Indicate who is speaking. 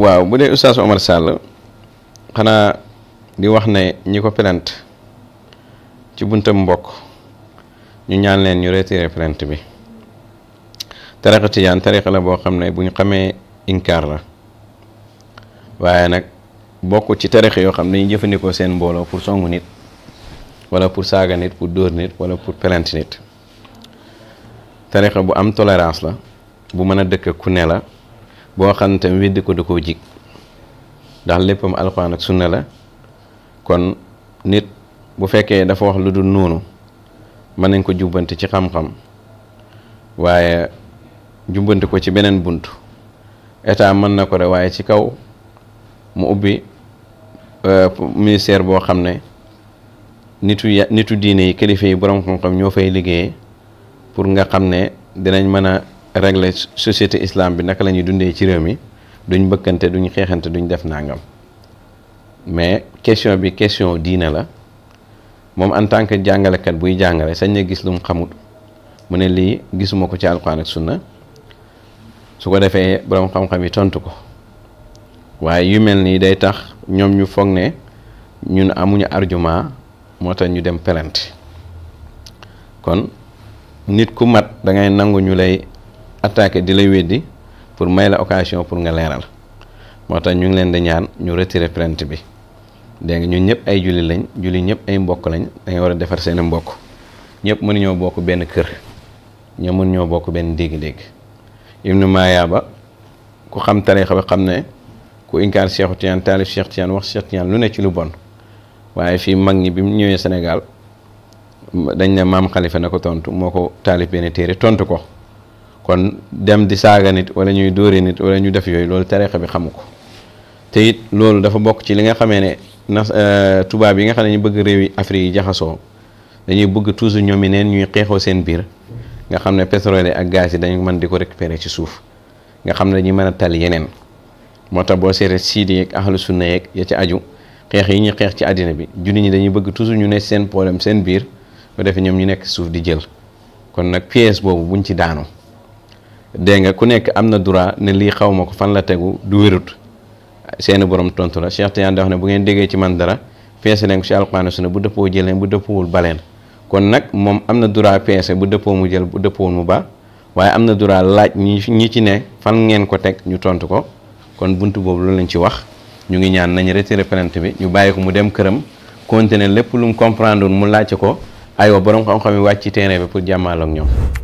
Speaker 1: waaw bu dee oustaz Omar Sall xanaa di wax ne ñi ko plainte ci buntam mbokk ñu ñaan leen ñu retiré plainte bi tariqa tijaan tariqa la boo xam ne bu ñu xamee inkaar la waaye nag bokk ci tariqa yoo xam ne dañuy jëfandikoo seen mbooloo pour songu nit wala pour saaga nit pour dóor nit wala pour plainte nit tarixa bu am tolérance la bu mën a dëkk ku ne la boo xam ne tam weddi ko du ko jig ndax léppam alxuraan ak sunna la kon nit bu fekkee dafa wax lu dul noonu mën nañ ko jubbante ci xam-xam waaye jubbante ko ci beneen bunt état mën na ko de waaye ci kaw mu ubbi euh, ministère boo xam ne nitu ya nitu diine yi kilifa yi borom xam-xam ñoo fay liggéeyee pour nga xam ne dinañ mën a régler société islam bi naka la ñuy dundee ci réew mi duñ bëkkante duñ xeexante duñ def nangam mais question bi question diine la moom en tant que jàngalekat buy jàngale sañ na gis lu mu xamut mu ne lii gisuma ko ci alquran ak sunna su ko defee borom xam-xam yi tontu ko waaye yu mel nii day tax ñoom ñu foog ne ñun amuñu argument moo tax ñu dem pelante kon nit ku mat da ngay nangu ñu lay attaqué di la weddi pour may la occasion pour nga leeral moo tax ñu ngi leen di ñaan ñu retirer plainte bi dégg nga ñun ñëpp ay julli lañ julli ñëpp ay mbokk lañ da nga war a defar seen mbokk ñëpp mënuñoo bokk benn kër ñoo mënuñoo bokk benn dégg-dégg Ibnu Maayaaba ku xam tariixa bi xam ne ku inkaar seexu Tiyaan taalif Cheikh Tiyaan wax Cheikh Tiyaan lu ne ci lu bon waaye fii mag ñi bi mu ñëwee senegal dañ ne maam xalifa na ko tontu moo ko taalif benn téere tontu ko kon dem di saaga nit wala ñuy dóore nit wala ñu def yooyu loolu tarixa bi xamu ko te it loolu dafa bokk ci li nga xamee ne nas euh, tubaab yi nga xam ne ñu bëgg réewi Afrique yi jaxasoo dañuy bëgg toujours ñoom i neen ñuy xeexoo seen biir nga xam ne pétrole ak gaz yi dañu mën di ko récupérer ci suuf nga xam ne dañuy mën a tal yeneen moo tax boo seetee siidi yeeg ahlu sunna yeeg ya ci aju xeex yi ñuy xeex ci àddina bi junni ñi dañuy bëgg toujours ñu ne seen problème seen biir ko defee ñoom ñu nekk suuf di jël kon nag pièce boobu buñ ci daanu dégg nga ku nekk am na droit ne lii xawuma ko fan la tegu du wérut seeni borom tontu la Cheikh Tidiane da wax ne bu ngeen déggee ci man dara peese leen ci alquran sunna bu dëppoo jëlee bu dëppoowul baleen kon nag moom am na droit peese bu dëppoo mu jël bu dëppoowul mu ba waaye am na droit laaj ñi ñi ci ne fan ngeen ko teg ñu tontu ko kon bunt boobu loolu lañ ci wax ñu ngi ñaan nañ retiré plainte bi ñu bàyyi ko mu dem këram continuer lépp lum mu comprendre mu laajte ko aywa borom xam-xam yi wàcc ci terrain bi pour jàmmaale ñoom.